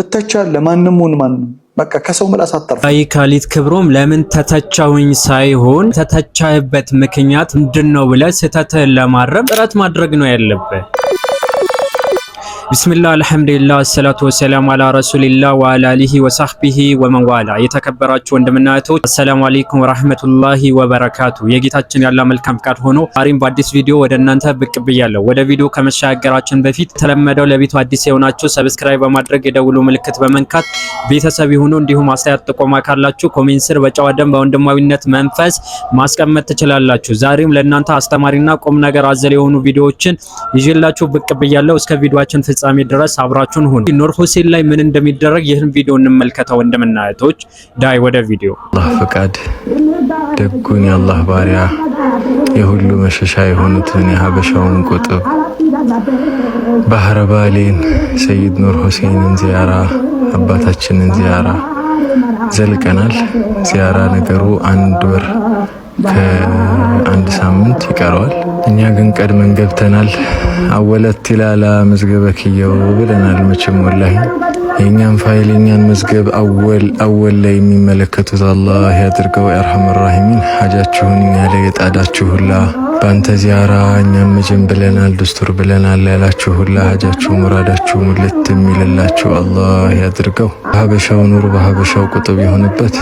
ትተቻለ። ለማንም ሆን ማንም በቃ ከሰው ምላስ አታርፍ። አይ ካሊት ክብሮም ለምን ተተቻውኝ ሳይሆን ተተቻህበት ምክንያት ምንድን ነው ብለህ ስህተትህን ለማረም ጥረት ማድረግ ነው ያለብህ። ቢስሚላ አልሐምዱሊላ አሰላቱ ወሰላም አላ ረሱሊላ ወአላ አሊሂ ወሳህቢሂ ወመንዋላ። የተከበራችሁ ወንድምና እህቶች አሰላሙ አለይኩም ወራህመቱላሂ ወበረካቱ። የጌታችን ያለ መልካም ፍቃድ ሆኖ ዛሬም በአዲስ ቪዲዮ ወደ እናንተ ብቅ ብያለሁ። ወደ ቪዲዮ ከመሻገራችን በፊት ተለመደው ለቤቱ አዲስ የሆናችሁ ሰብስክራይብ በማድረግ የደውሉ ምልክት በመንካት ቤተሰብ ይሁኑ። እንዲሁም አስተያየት ጥቆማ ካላችሁ ኮሜንት ስር በጨዋ ደንብ በወንድማዊነት መንፈስ ማስቀመጥ ትችላላችሁ። ዛሬም ለእናንተ አስተማሪና ቁም ነገር አዘል የሆኑ ቪዲዮዎችን ይዤላችሁ ብቅ ብያለሁ። እስከ ቪዲዮአችን ፍጻሜ ድረስ አብራችሁን ሁኑ። ኖር ሁሴን ላይ ምን እንደሚደረግ ይህን ቪዲዮ እንመልከተው። እንደምናያቶች ዳይ ወደ ቪዲዮ አላህ ፈቃድ ደጉን የአላህ ባሪያ የሁሉ መሸሻ የሆኑትን የሀበሻውን ቁጥብ ባህረ ባሌን ሰይድ ኑር ሁሴንን ዚያራ አባታችንን ዚያራ ዘልቀናል። ዚያራ ነገሩ አንድ ወር ከአንድ ሳምንት ይቀረዋል። እኛ ግን ቀድመን ገብተናል። አወለት ይላላ መዝገበ ክየው ብለናል። መቼም ወላሂ የእኛን ፋይል የእኛን መዝገብ አወል አወል ላይ የሚመለከቱት አላህ ያድርገው። የአርሐም ራሂሚን ሐጃችሁን እኛ ላይ የጣዳችሁላ በአንተ ዚያራ እኛም መጀን ብለናል፣ ዱስቱር ብለናል ያላችሁ ሁላ ሀጃችሁ ሙራዳችሁ ሙልት የሚልላችሁ አላህ ያድርገው። በሀበሻው ኑር በሀበሻው ቁጥብ የሆንበት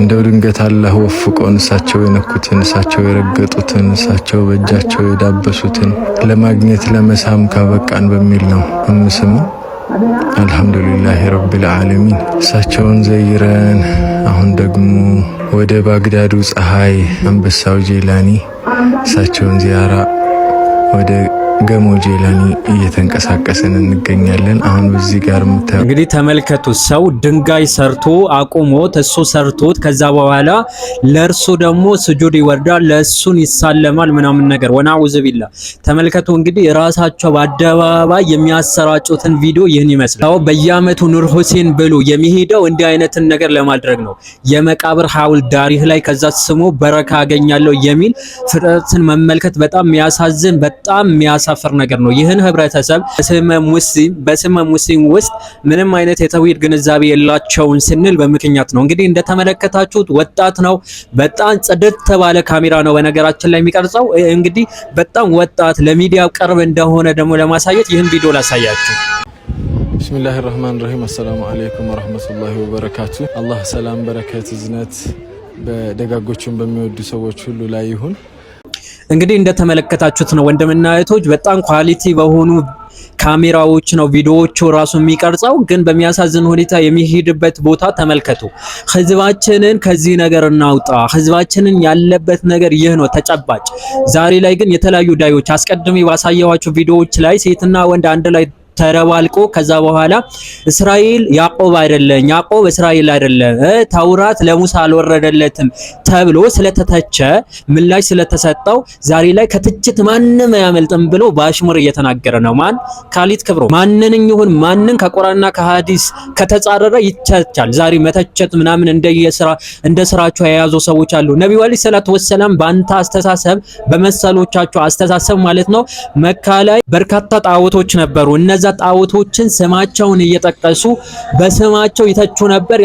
እንደው ድንገት አላህ ወፍቆን እሳቸው የነኩትን እሳቸው የረገጡትን እሳቸው በእጃቸው የዳበሱትን ለማግኘት ለመሳም ካበቃን በሚል ነው እምስመው። አልሐምዱሊላህ ረብል ዓለሚን እሳቸውን ዘይረን አሁን ደግሞ ወደ ባግዳዱ ፀሐይ አንበሳው ጄላኒ እሳቸውን ዚያራ ወደ ገሞ ጄላኒ እየተንቀሳቀስን እንገኛለን። አሁን እዚህ ጋር የምታዩ እንግዲህ ተመልከቱ። ሰው ድንጋይ ሰርቶ አቁሞት እሱ ሰርቶት ከዛ በኋላ ለእርሱ ደግሞ ስጁድ ይወርዳል፣ ለእሱን ይሳለማል ምናምን ነገር ወናውዝ ቢላ። ተመልከቱ እንግዲህ ራሳቸው በአደባባይ የሚያሰራጩትን ቪዲዮ ይህን ይመስላል። ሰው በየአመቱ ኑር ሁሴን ብሎ የሚሄደው እንዲህ አይነትን ነገር ለማድረግ ነው። የመቃብር ሀውል ዳሪህ ላይ ከዛ ስሞ በረካ አገኛለሁ የሚል ፍጥረትን መመልከት በጣም የሚያሳዝን በጣም የሚያሳ የሚያሳፍር ነገር ነው። ይህን ህብረተሰብ በስመ ሙስሊም ውስጥ ምንም አይነት የተውሂድ ግንዛቤ የላቸውን ስንል በምክንያት ነው። እንግዲህ እንደተመለከታችሁት ወጣት ነው። በጣም ጽድት ባለ ካሜራ ነው በነገራችን ላይ የሚቀርጸው። እንግዲህ በጣም ወጣት ለሚዲያ ቅርብ እንደሆነ ደግሞ ለማሳየት ይህን ቪዲዮ ላሳያችሁ። ብስሚላህ ራህማን ራሂም አሰላሙ አለይኩም ወረህመቱላሂ ወበረካቱ። አላህ ሰላም፣ በረከት፣ እዝነት በደጋጎችን በሚወዱ ሰዎች ሁሉ ላይ ይሁን። እንግዲህ እንደተመለከታችሁት ነው ወንድምና እህቶች፣ በጣም ኳሊቲ በሆኑ ካሜራዎች ነው ቪዲዮዎቹ ራሱ የሚቀርጸው። ግን በሚያሳዝን ሁኔታ የሚሄድበት ቦታ ተመልከቱ። ህዝባችንን ከዚህ ነገር እናውጣ። ህዝባችንን ያለበት ነገር ይህ ነው ተጨባጭ። ዛሬ ላይ ግን የተለያዩ ዳዮች አስቀድሜ ባሳየኋቸው ቪዲዮዎች ላይ ሴትና ወንድ አንድ ላይ ተደባልቆ ከዛ በኋላ እስራኤል ያዕቆብ አይደለም፣ ያዕቆብ እስራኤል አይደለም፣ ተውራት ለሙሳ አልወረደለትም ተብሎ ስለተተቸ ምላሽ ስለተሰጠው ዛሬ ላይ ከትችት ማንም አያመልጥም ብሎ በአሽሙር እየተናገረ ነው። ማን ካሊት ክብሮ ማንንም ይሁን ማንን ከቁራና ከሐዲስ ከተጻረረ ይተቻል። ዛሬ መተቸት ምናምን እንደየስራ እንደ ስራቸው የያዙ ሰዎች አሉ። ነቢዩ አለይሂ ሰላቱ ወሰላም በአንተ አስተሳሰብ በመሰሎቻቸው አስተሳሰብ ማለት ነው መካ ላይ በርካታ ጣዖቶች ነበሩ እነዛ ጣዖቶችን ስማቸውን እየጠቀሱ በስማቸው ይተቹ ነበር፣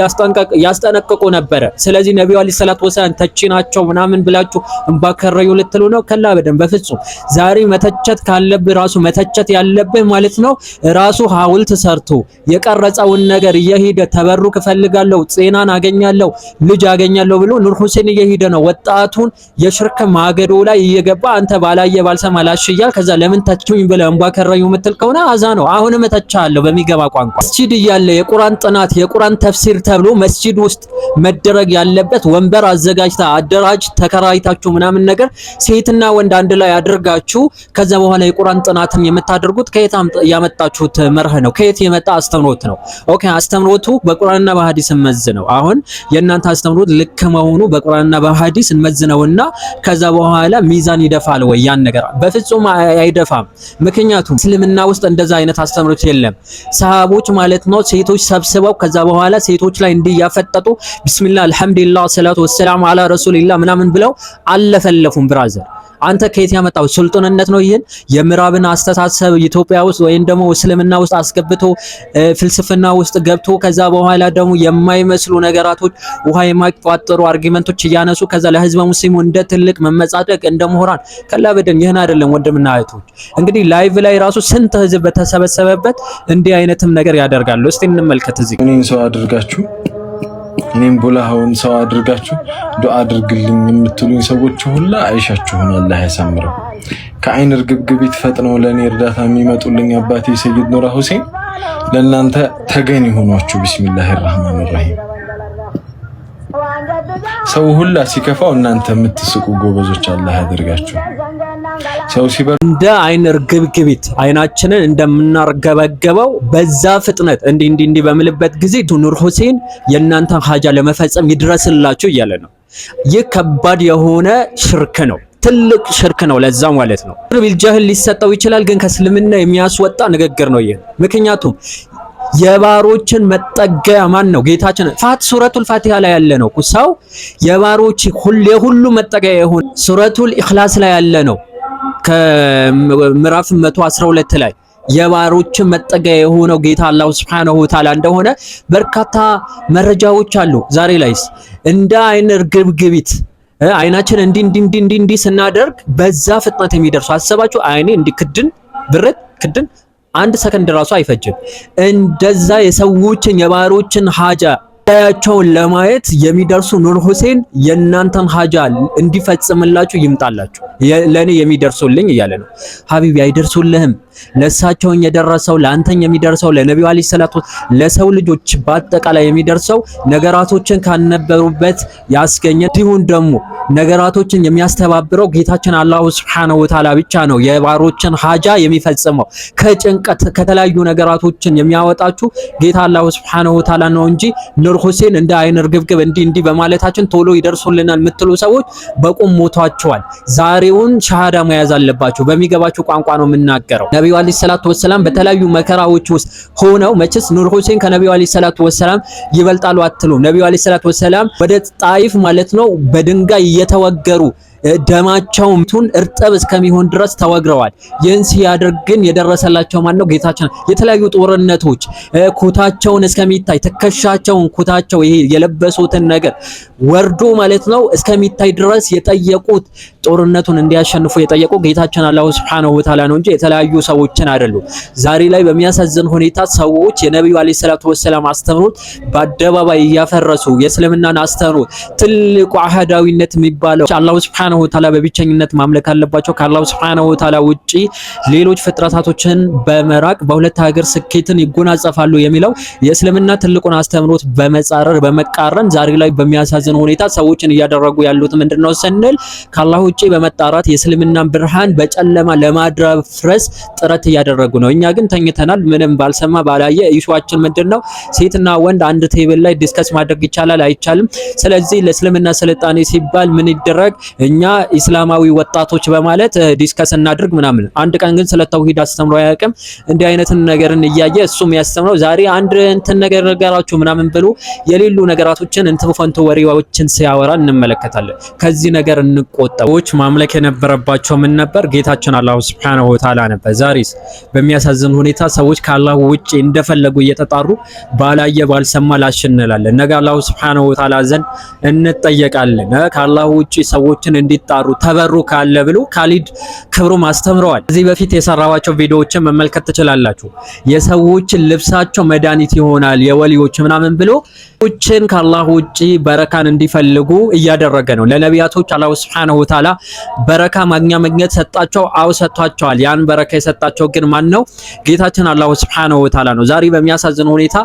ያስጠነቅቁ ነበር። ስለዚህ ነቢዩ አለይሂ ሰላቱ ወሰላም ተቺ ናቸው ምናምን ብላችሁ እንባከረዩ ልትሉ ነው? ከላ በደም በፍጹም። ዛሬ መተቸት ካለብህ ራሱ መተቸት ያለብህ ማለት ነው ራሱ ሐውልት ሰርቶ የቀረጸውን ነገር እየሄደ ተበሩክ እፈልጋለሁ፣ ጤናን አገኛለሁ፣ ልጅ አገኛለሁ ብሎ ኑር ሁሴን እየሄደ ነው ወጣቱን የሽርክ ማገዶ ላይ እየገባ አንተ ባላየ ባልሰማ ላሽ ከዛ ለምን ታችሁኝ ብለህ እንባከረዩ የምትል ከሆነ አዛ ነው። አሁን እተቻለሁ በሚገባ ቋንቋ መስጂድ እያለ የቁርአን ጥናት የቁርአን ተፍሲር ተብሎ መስጂድ ውስጥ መደረግ ያለበት ወንበር አዘጋጅታ አደራጅ ተከራይታችሁ ምናምን ነገር ሴትና ወንድ አንድ ላይ አድርጋችሁ ከዛ በኋላ የቁርአን ጥናትም የምታደርጉት ከየት ያመጣችሁት መርህ ነው? ከየት የመጣ አስተምሮት ነው? ኦኬ አስተምሮቱ በቁርአንና በሐዲስ መዝ ነው። አሁን የእናንተ አስተምሮት ልክ መሆኑ በቁርአንና በሐዲስ መዝነውና ከዛ በኋላ ሚዛን ይደፋል ወይ? ያን ነገር በፍጹም አይደፋም። ምክንያቱም እስልምና ውስጥ እንደዛ አይነት የምታስተምሩት የለም። ሰሃቦች ማለት ነው ሴቶች ሰብስበው ከዛ በኋላ ሴቶች ላይ እንዲህ ያፈጠጡ ቢስሚላህ አልሐምዱሊላህ ሰላቱ ወሰላም አላ ረሱልላህ ምናምን ብለው አለፈለፉም ብራዘር አንተ ከየት ያመጣው ስልጡንነት ነው? ይህን የምዕራብን አስተሳሰብ ኢትዮጵያ ውስጥ ወይም ደግሞ እስልምና ውስጥ አስገብቶ ፍልስፍና ውስጥ ገብቶ ከዛ በኋላ ደግሞ የማይመስሉ ነገራቶች ውሃ የማይቋጠሩ አርጊመንቶች እያነሱ ከዛ ለህዝበ ሙስሊሙ እንደ ትልቅ መመጻደቅ እንደ ምሁራን ከላ በደን ይህን አይደለም ወንድምና እህቶች። እንግዲህ ላይቭ ላይ ራሱ ስንት ህዝብ በተሰበሰበበት እንዲህ አይነትም ነገር ያደርጋሉ። እስቲ እንመልከት። እዚህ ምን ሰው አድርጋችሁ እኔም ቡላሃውን ሰው አድርጋችሁ ዱዓ አድርግልኝ የምትሉኝ ሰዎች ሁላ አይሻችሁን አላህ ያሳምረው። ከአይን እርግብግቢት ፈጥነው ለእኔ እርዳታ የሚመጡልኝ አባቴ ሰይድ ኑራ ሁሴን ለእናንተ ተገን የሆኗችሁ። ቢስሚላህ ራህማን ራሂም። ሰው ሁላ ሲከፋው እናንተ የምትስቁ ጎበዞች አላህ ያደርጋችሁ። ሰው ሲበር እንደ አይን እርግብግቢት አይናችንን እንደምናርገበገበው በዛ ፍጥነት እንዲህ እንዲህ እንዲህ በምልበት ጊዜ ኑር ሁሴን የእናንተን ሀጃ ለመፈጸም ይድረስላችሁ እያለ ነው። ይህ ከባድ የሆነ ሽርክ ነው። ትልቅ ሽርክ ነው። ለዛ ማለት ነው ቢልጃህል ሊሰጠው ይችላል፣ ግን ከእስልምና የሚያስወጣ ንግግር ነው ይህ። ምክንያቱም የባሮችን መጠገያ ማን ነው? ጌታችን ፋት ሱረቱል ፋቲሃ ላይ ያለ ነው። ሰው የባሮች ሁሉ መጠገያ የሆነ ሱረቱል ኢኽላስ ላይ ያለ ነው። ከምዕራፍ 112 ላይ የባሮች መጠጊያ የሆነው ጌታ አላሁ ሱብሓነሁ ወተዓላ እንደሆነ በርካታ መረጃዎች አሉ። ዛሬ ላይስ እንደ አይነ ርግብግቢት አይናችን እንዲ እንዲ እንዲ እንዲ እንዲ ስናደርግ በዛ ፍጥነት የሚደርሱ አሰባችሁ። አይኔ እንዲ ክድን ብረት ክድን አንድ ሰከንድ ራሱ አይፈጅም። እንደዛ የሰዎችን የባሮችን ሀጃ ጉዳያቸውን ለማየት የሚደርሱ ኑር ሁሴን የእናንተን ሀጃ እንዲፈጽምላችሁ ይምጣላችሁ፣ ለእኔ የሚደርሱልኝ እያለ ነው። ሀቢቢ አይደርሱልህም ለእሳቸውን የደረሰው ለአንተን የሚደርሰው ለነቢዩ አለይሂ ሰላቱ ለሰው ልጆች በአጠቃላይ የሚደርሰው ነገራቶችን ካነበሩበት ያስገኘ እንዲሁም ደግሞ ነገራቶችን የሚያስተባብረው ጌታችን አላሁ ሱብሓነሁ ወተዓላ ብቻ ነው። የባሮችን ሀጃ የሚፈጽመው ከጭንቀት ከተለያዩ ነገራቶችን የሚያወጣችሁ ጌታ አላሁ ሱብሓነሁ ወተዓላ ነው እንጂ ኑር ሁሴን እንደ አይን እርግብግብ እንዲህ እንዲህ በማለታችን ቶሎ ይደርሱልናል የምትሉ ሰዎች በቁም ሞቷቸዋል። ዛሬውን ሻሃዳ መያዝ አለባቸው። በሚገባቸው ቋንቋ ነው የምናገረው። ነቢዩ አለይሂ ሰላቱ ወሰላም በተለያዩ መከራዎች ውስጥ ሆነው መቼስ ኑር ሁሴን ከነቢዩ አለይሂ ሰላቱ ወሰላም ይበልጣሉ አትሉ። ነቢዩ አለይሂ ሰላቱ ወሰላም ወደ ጣይፍ ማለት ነው በድንጋይ እየተወገሩ ደማቸውምቱን እርጥብ እስከሚሆን ድረስ ተወግረዋል። ይህን ሲያደርግ ግን የደረሰላቸው ማን ነው? ጌታችን። የተለያዩ ጦርነቶች ኩታቸውን እስከሚታይ ትከሻቸውን፣ ኩታቸው ይሄ የለበሱትን ነገር ወርዶ ማለት ነው እስከሚታይ ድረስ የጠየቁት ጦርነቱን እንዲያሸንፉ የጠየቁ ጌታችን አላሁ ሱብሓነሁ ወተዓላ ነው እንጂ የተለያዩ ሰዎችን አይደሉም። ዛሬ ላይ በሚያሳዝን ሁኔታ ሰዎች የነቢዩ አለይሂ ሰላቱ ወሰላም አስተምሮት በአደባባይ እያፈረሱ የእስልምናን አስተምሮት ትልቁ አህዳዊነት የሚባለው አላሁ ሱብሓነሁ ስብሐነሁ ወተዓላ በብቸኝነት ማምለክ አለባቸው። ከአላሁ ስብሐነሁ ወተዓላ ውጪ ሌሎች ፍጥረታቶችን በመራቅ በሁለት ሀገር ስኬትን ይጎናጸፋሉ የሚለው የእስልምና ትልቁን አስተምሮት በመጻረር በመቃረን ዛሬ ላይ በሚያሳዝን ሁኔታ ሰዎችን እያደረጉ ያሉት ምንድነው ስንል ከአላሁ ውጪ በመጣራት የእስልምናን ብርሃን በጨለማ ለማድረፍረስ ጥረት እያደረጉ ነው። እኛ ግን ተኝተናል። ምንም ባልሰማ ባላየ ኢሹዋችን ምንድነው? ሴትና ወንድ አንድ ቴብል ላይ ዲስከስ ማድረግ ይቻላል አይቻልም? ስለዚህ ለእስልምና ስልጣኔ ሲባል ምን ይደረግ እኛ ኢስላማዊ ወጣቶች በማለት ዲስከስ እናድርግ ምናምን። አንድ ቀን ግን ስለ ተውሂድ አስተምሮ አያውቅም። እንዲህ አይነትን ነገርን እያየ እሱም ያስተምረው ዛሬ አንድ እንትን ነገር ነገራችሁ ምናምን ብሎ የሌሉ ነገራቶችን እንትፍ ፈንቶ ወሬዎችን ሲያወራ እንመለከታለን። ከዚህ ነገር እንቆጠቦች። ማምለክ የነበረባቸው ምን ነበር? ጌታችን አላሁ ሱብሓነሁ ወተዓላ ነበር። ዛሬስ በሚያሳዝን ሁኔታ ሰዎች ከአላሁ ውጪ እንደፈለጉ እየተጣሩ ባላየ ባልሰማ ላሽ እንላለን። ነገ አላሁ ሱብሓነሁ ወተዓላ ዘንድ እንጠየቃለን። ከአላሁ ውጪ ሰዎችን እንዲ እንዲጣሩ ተበሩ ካለ ብሎ ካሊድ ክብሩም አስተምረዋል። ከዚህ በፊት የሰራባቸው ቪዲዮዎችን መመልከት ትችላላችሁ። የሰዎችን ልብሳቸው መድኃኒት ይሆናል የወሊዎች ምናምን ብሎ ችን ከአላህ ውጪ በረካን እንዲፈልጉ እያደረገ ነው። ለነቢያቶች አላሁ ሱብሓነሁ ወተዓላ በረካ ማግኛ መግኘት ሰጣቸው። አው ሰጥቷቸዋል። ያን በረካ የሰጣቸው ግን ማን ነው? ጌታችን አላሁ ሱብሓነሁ ወተዓላ ነው። ዛሬ በሚያሳዝን ሁኔታ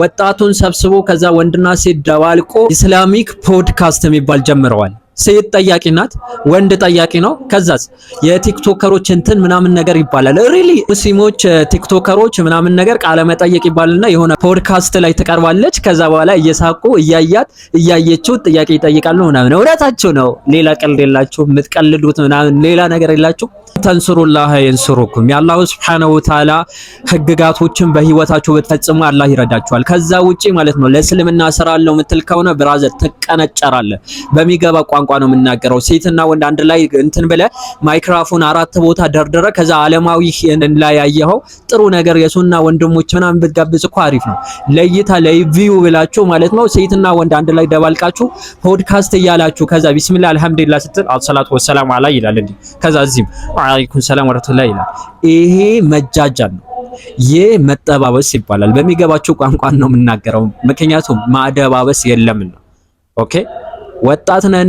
ወጣቱን ሰብስቦ ከዛ ወንድና ሴት ደባልቆ ኢስላሚክ ፖድካስት የሚባል ጀምረዋል። ሴት ጠያቂ ናት፣ ወንድ ጠያቂ ነው። ከዛስ የቲክቶከሮች እንትን ምናምን ነገር ይባላል። ሪሊ ሙስሊሞች ቲክቶከሮች ምናምን ነገር ቃለ መጠየቅ ይባላልና የሆነ ፖድካስት ላይ ትቀርባለች። ከዛ በኋላ እየሳቁ እያያት እያየችው ጥያቄ ይጠይቃሉ ምናምን። እውነታችሁ ነው። ሌላ ቀልድ የላችሁ የምትቀልዱት ምናምን ሌላ ነገር የላችሁ። ተንስሩላህ የንስሩኩም የአላሁ ስብሐነሁ ወተዓላ ህግጋቶችን በህይወታችሁ ብትፈጽሙ አላህ ይረዳችኋል። ከዛ ውጪ ማለት ነው ለእስልምና ስራ አለው ምትል ከሆነ ብራዘር ትቀነጨራለህ በሚገባ ቋንቋ ነው የምናገረው። ሴትና ወንድ አንድ ላይ እንትን ብለ ማይክራፎን አራት ቦታ ደርደረ። ከዛ አለማዊ ላይ ያየኸው ጥሩ ነገር የሱና ወንድሞች ምናምን ብትጋብዝ እኮ አሪፍ ነው። ለይታ ለቪው ብላችሁ ማለት ነው። ሴትና ወንድ አንድ ላይ ደባልቃችሁ ፖድካስት እያላችሁ ከዛ ቢስሚላህ አልሐምዱሊላህ ስትል አሰላቱ ወሰላም አላ ይላል እንዴ። ከዛ እዚህም አለይኩም ሰላም ወራህመቱላህ ይላል። ይሄ መጃጃል ነው። ይህ መጠባበስ ይባላል። በሚገባቸው ቋንቋን ነው የምናገረው፣ ምክንያቱም ማደባበስ የለምና። ኦኬ ወጣት ነን።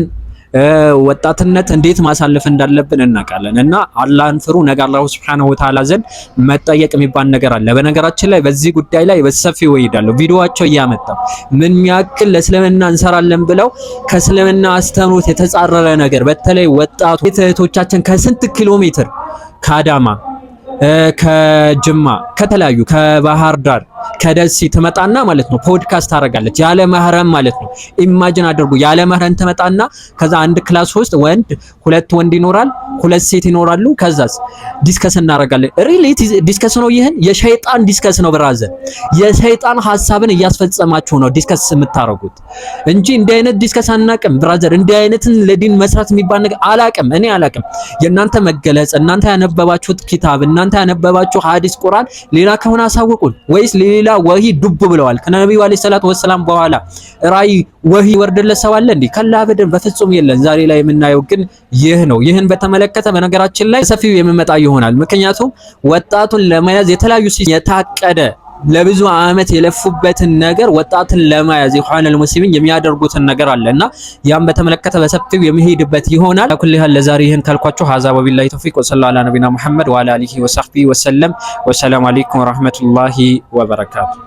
ወጣትነት እንዴት ማሳለፍ እንዳለብን እናውቃለን። እና አላህን ፍሩ። ነገ አላሁ ስብሐነሁ ወተዓላ ዘንድ መጠየቅ የሚባል ነገር አለ። በነገራችን ላይ በዚህ ጉዳይ ላይ በሰፊው እወያያለሁ። ቪዲዮአቸው እያመጣሁ ምን ያክል ለእስልምና እንሰራለን ብለው ከእስልምና አስተምሮት የተጻረረ ነገር በተለይ ወጣቱ እህቶቻችን ከስንት ኪሎ ሜትር ከአዳማ ከጅማ ከተለያዩ ከባህር ዳር ከደሴ ትመጣና ማለት ነው ፖድካስት ታደርጋለች ያለ መህረም ማለት ነው። ኢማጅን አድርጉ ያለ መህረም ትመጣና ከዛ አንድ ክላስ ውስጥ ወንድ ሁለት ወንድ ይኖራል፣ ሁለት ሴት ይኖራሉ። ከዛስ ዲስከስ እናደርጋለን። ሪሊ ዲስከስ ነው። ይህን የሸይጣን ዲስከስ ነው። ብራዘ የሸይጣን ሀሳብን እያስፈጸማችሁ ነው ዲስከስ የምታደርጉት እንጂ እንዲህ አይነት ዲስከስ አናቅም ብራዘር። እንዲህ አይነትን ለዲን መስራት የሚባል ነገር አላቅም እኔ አላቅም። የእናንተ መገለጽ እናንተ ያነበባችሁት ኪታብ እናንተ ያነበባችሁ ሐዲስ ቁርአን ሌላ ከሆነ አሳውቁን ወይስ ሌላ ወሂ ዱብ ብለዋል። ከነቢዩ አለይሂ ሰላቱ ወሰላም በኋላ ራእይ ወሂ ወርደለት ሰው አለ እንዴ? ከላ በደን በፍጹም የለን። ዛሬ ላይ የምናየው ግን ይህ ነው። ይህን በተመለከተ በነገራችን ላይ ሰፊው የምመጣ ይሆናል። ምክንያቱም ወጣቱን ለመያዝ የተለያዩ የታቀደ ለብዙ ዓመት የለፉበትን ነገር ወጣትን ለመያዝ ኢኽዋነል ሙስሊሚን የሚያደርጉትን ነገር አለና ያም በተመለከተ በሰፊው የሚሄድበት ይሆናል። ለኩል ያህል ለዛሬ ይህን ካልኳችሁ ሀዛ ወቢላሂ ተውፊቅ ወሰላ አላ ነቢና ሙሐመድ ወአላ አሊሂ ወሰህቢ ወሰለም ወሰላም አለይኩም ወረህመቱላሂ ወበረካቱ።